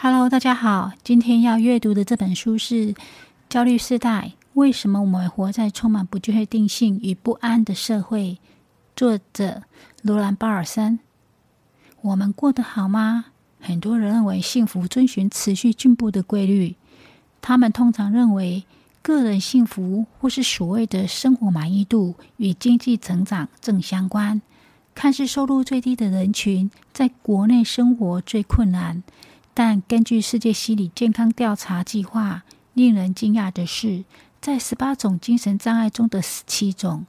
Hello，大家好。今天要閱讀的這本書是《焦慮世代：為什麼我們活在充滿不確定性與不安的社會》。作者羅蘭·保爾森。我們過得好嗎？很多人認為幸福遵循持續進步的規律。他們通常認為，個人幸福或是所謂的生活滿意度與經濟成長正相關。看似收入最低的人群，在國內生活最困難。但根據世界心理健康調查計劃，令人驚訝的是，在十八種精神障礙中的十七種，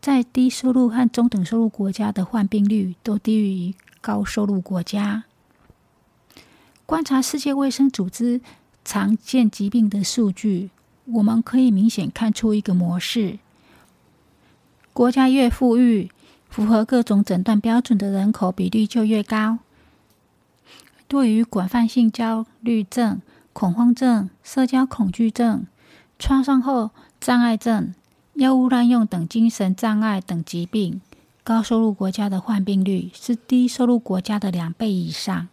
在低收入和中等收入國家的患病率都低於高收入國家。觀察世界衛生組織常見疾病的數據，我們可以明顯看出一個模式：國家越富裕，符合各種診斷標準的人口比例就越高。對於廣泛性焦慮症、恐慌症、社交恐懼症、創傷後障礙症、藥物濫用等精神障礙等疾病，高收入國家的患病率是低收入國家的兩倍以上。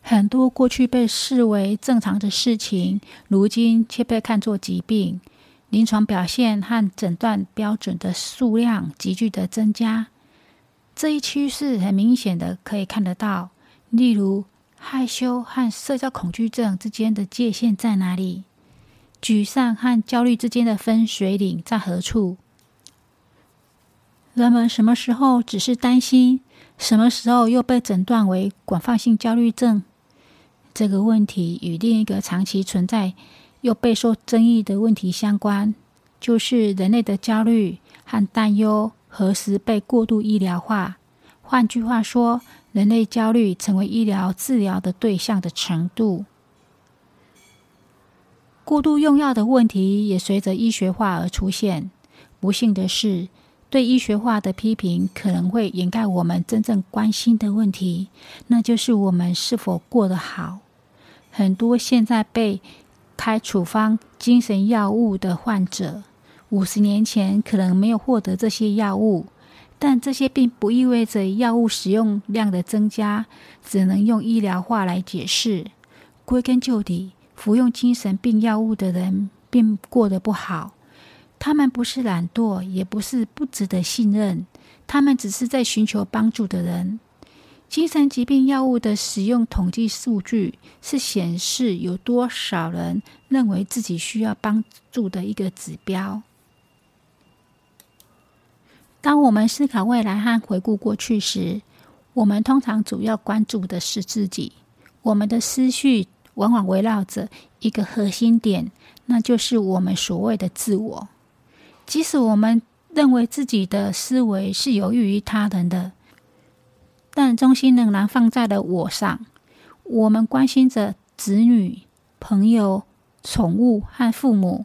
很多過去被視為正常的事情，如今卻被看作疾病。臨床表現和診斷標準的數量急劇的增加。這一趨勢很明顯的可以看得到，例如害羞和社交恐懼症之間的界限在哪裡？沮喪和焦慮之間的分水嶺在何處？人們什麼時候只是擔心？什麼時候又被診斷為廣泛性焦慮症？這個問題與另一個長期存在又備受爭議的問題相關，就是人類的焦慮和擔憂。何時被過度醫療化？換句話說，人類焦慮成為醫療治療的對象的程度，過度用藥的問題也隨着醫學化而出現。不幸的是，對醫學化的批評可能會掩蓋我們真正關心的問題，那就是我們是否過得好。很多現在被開處方精神藥物的患者，五十年前可能沒有獲得這些藥物，但這些並不意味着藥物使用量的增加，只能用醫療化來解釋。歸根究底，服用精神病藥物的人並過得不好。他們不是懶惰，也不是不值得信任，他們只是在尋求幫助的人。精神疾病藥物的使用統計數據是顯示有多少人認為自己需要幫助的一個指標。當我們思考未來和回顧過去時，我們通常主要關注的是自己。我們的思緒往往圍繞着一個核心點，那就是我們所謂的自我。即使我們認為自己的思維是有益於他人的，但中心仍然放在了我上。我們關心着子女、朋友、寵物和父母。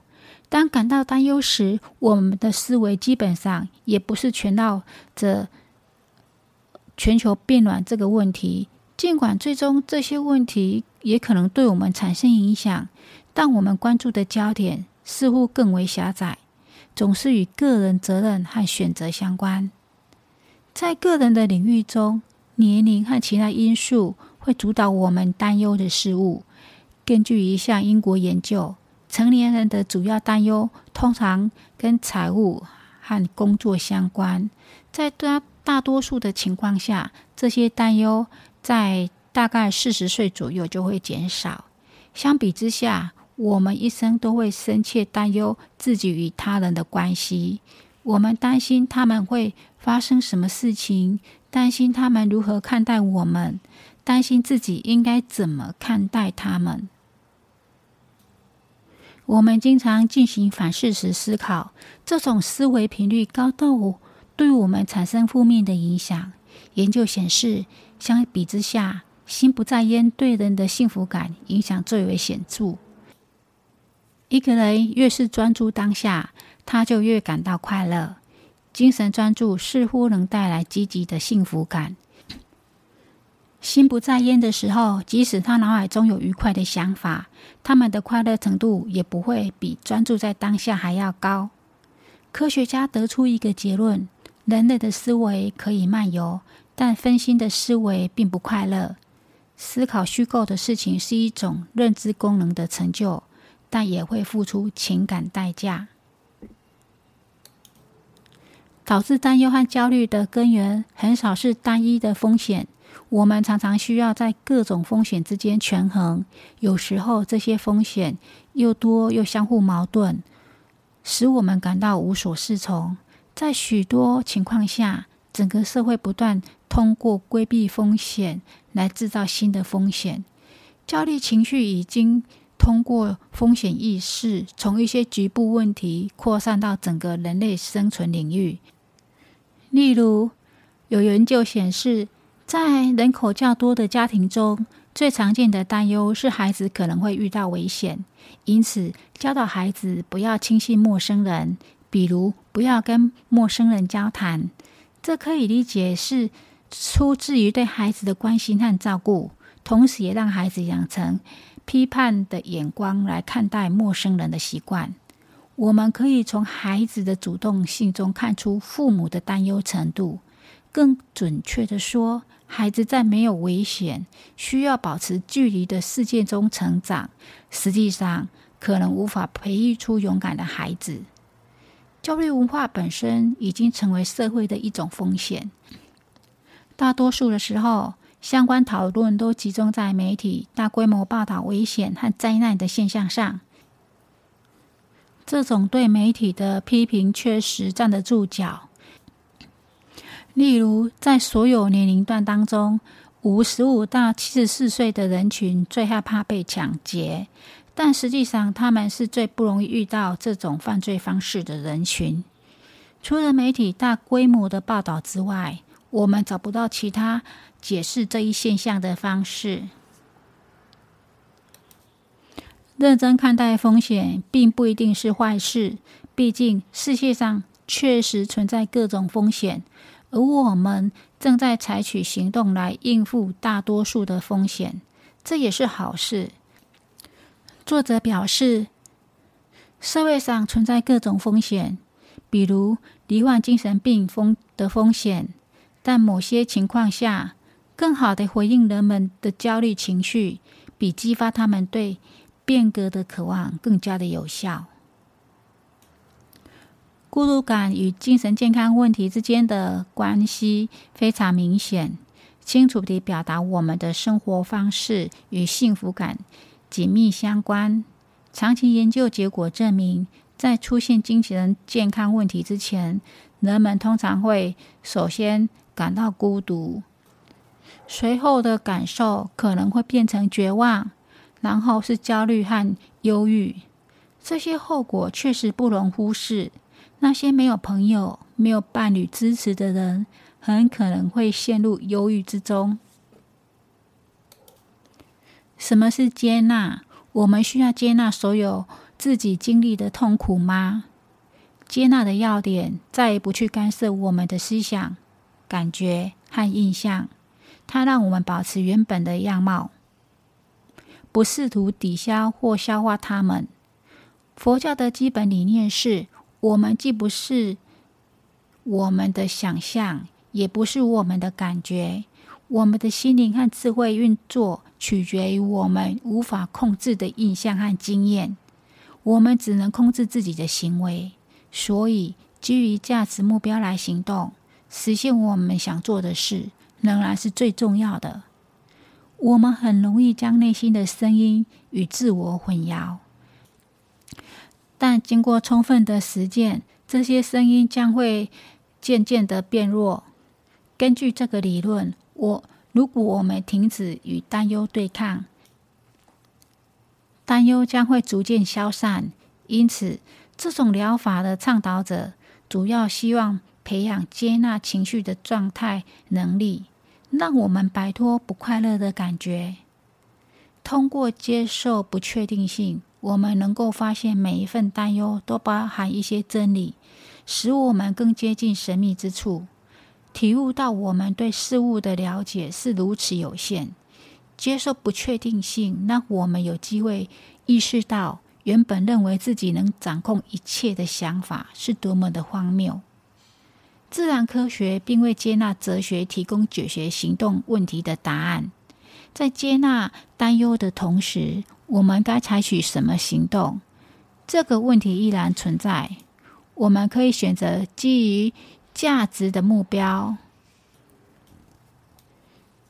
當感到擔憂時，我們的思維基本上也不是全繞着全球變暖這個問題。儘管最終這些問題也可能對我們產生影響，但我們關注的焦點似乎更為狹窄，總是與個人責任和選擇相關。在個人的領域中，年齡和其他因素會主導我們擔憂的事物。根據一項英國研究，成年人的主要擔憂通常跟財務和工作相關，在大大多數的情況下，這些擔憂在大概四十歲左右就會減少。相比之下，我們一生都會深切擔憂自己與他人的關係。我們擔心他們會發生什麼事情，擔心他們如何看待我們，擔心自己應該怎麼看待他們。我們經常進行反事實思考，這種思維頻率高到對我們產生負面的影響。研究顯示，相比之下，心不在焉對人的幸福感影響最為顯著。一個人越是專注當下，他就越感到快樂。精神專注似乎能帶來積極的幸福感。心不在焉的時候，即使他腦海中有愉快的想法，他們的快樂程度也不會比專注在當下還要高。科學家得出一個結論：人類的思維可以漫遊，但分心的思維並不快樂。思考虛構的事情是一種認知功能的成就，但也會付出情感代價。導致擔憂和焦慮的根源很少是單一的風險，我們常常需要在各種風險之間權衡。有時候，這些風險又多又相互矛盾，使我們感到無所適從。在許多情況下，整個社會不斷通過規避風險來制造新的風險。焦慮情緒已經通過風險意識，從一些局部問題擴散到整個人類生存領域。例如，有研究顯示，在人口較多的家庭中，最常見的擔憂是孩子可能會遇到危險，因此教導孩子不要輕信陌生人，比如不要跟陌生人交談。這可以理解是出自於對孩子的關心和照顧，同時也讓孩子養成批判的眼光來看待陌生人的習慣。我們可以從孩子的主動性中看出父母的擔憂程度。更準確的說，孩子在沒有危險、需要保持距離的世界中成長，實際上可能無法培育出勇敢的孩子。焦慮文化本身已經成為社會的一種風險。大多數的時候，相關討論都集中在媒體大規模報道危險和災難的現象上。這種對媒體的批評確實站得住腳。例如，在所有年齡段當中，五十五到七十四歲的人群最害怕被搶劫，但實際上他們是最不容易遇到這種犯罪方式的人群。除了媒體大規模的報道之外，我們找不到其他解釋這一現象的方式。認真看待風險，並不一定是壞事。畢竟，世界上確實存在各種風險，而我們正在採取行動來應付大多數的風險，這也是好事。作者表示，社會上存在各種風險，比如罹患精神病風的風險，但某些情況下，更好地回應人們的焦慮情緒，比激發他們對變革的渴望更加的有效。孤獨感與精神健康問題之間的關係非常明顯，清楚地表達我們的生活方式與幸福感緊密相關。長期研究結果證明，在出現精神健康問題之前，人們通常會首先感到孤獨，隨後的感受可能會變成絕望。然後是焦慮和憂鬱，這些後果確實不容忽視。那些沒有朋友、沒有伴侶支持的人，很可能會陷入憂鬱之中。什麼是接納？我們需要接納所有自己經歷的痛苦嗎？接納的要點在於不去干涉我們的思想、感覺和印象，它讓我們保持原本的樣貌。不試圖抵消或消化它們。佛教的基本理念是：我們既不是我們的想象，也不是我們的感覺。我們的心靈和智慧運作取決於我們無法控制的印象和經驗。我們只能控制自己的行為，所以基於價值目標來行動，實現我們想做的事，仍然是最重要的。我們很容易將內心的聲音與自我混淆，但經過充分的實踐，這些聲音將會漸漸的變弱。根據這個理論，我如果我們停止與擔憂對抗，擔憂將會逐漸消散。因此，這種療法的倡導者主要希望培養接納情緒的狀態能力。讓我們擺脫不快樂的感覺。通過接受不確定性，我們能夠發現每一份擔憂都包含一些真理，使我們更接近神秘之處，體悟到我們對事物的了解是如此有限。接受不確定性，讓我們有機會意識到原本認為自己能掌控一切的想法是多麼的荒謬。自然科學並未接納哲學提供解決行動問題的答案。在接納擔憂的同時，我們該採取什麼行動？這個問題依然存在。我們可以選擇基於價值的目標，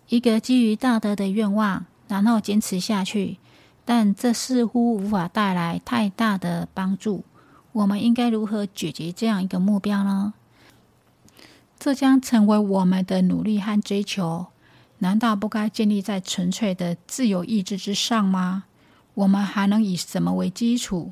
一個基於道德的願望，然後堅持下去。但這似乎無法帶來太大的幫助。我們應該如何解決這樣一個目標呢？這將成為我們的努力和追求，難道不該建立在純粹的自由意志之上嗎？我們還能以什麼為基礎？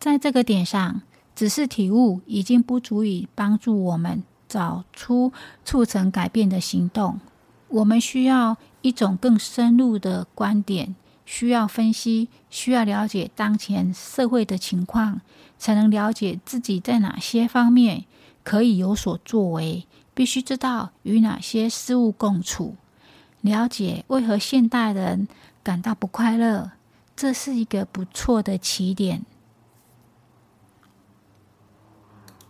在這個點上，只是體悟已經不足以幫助我們找出促成改變的行動。我們需要一種更深入的觀點，需要分析，需要了解當前社會的情況，才能了解自己在哪些方面。可以有所作為，必須知道與哪些事物共處，了解為何現代人感到不快樂，這是一個不錯的起點。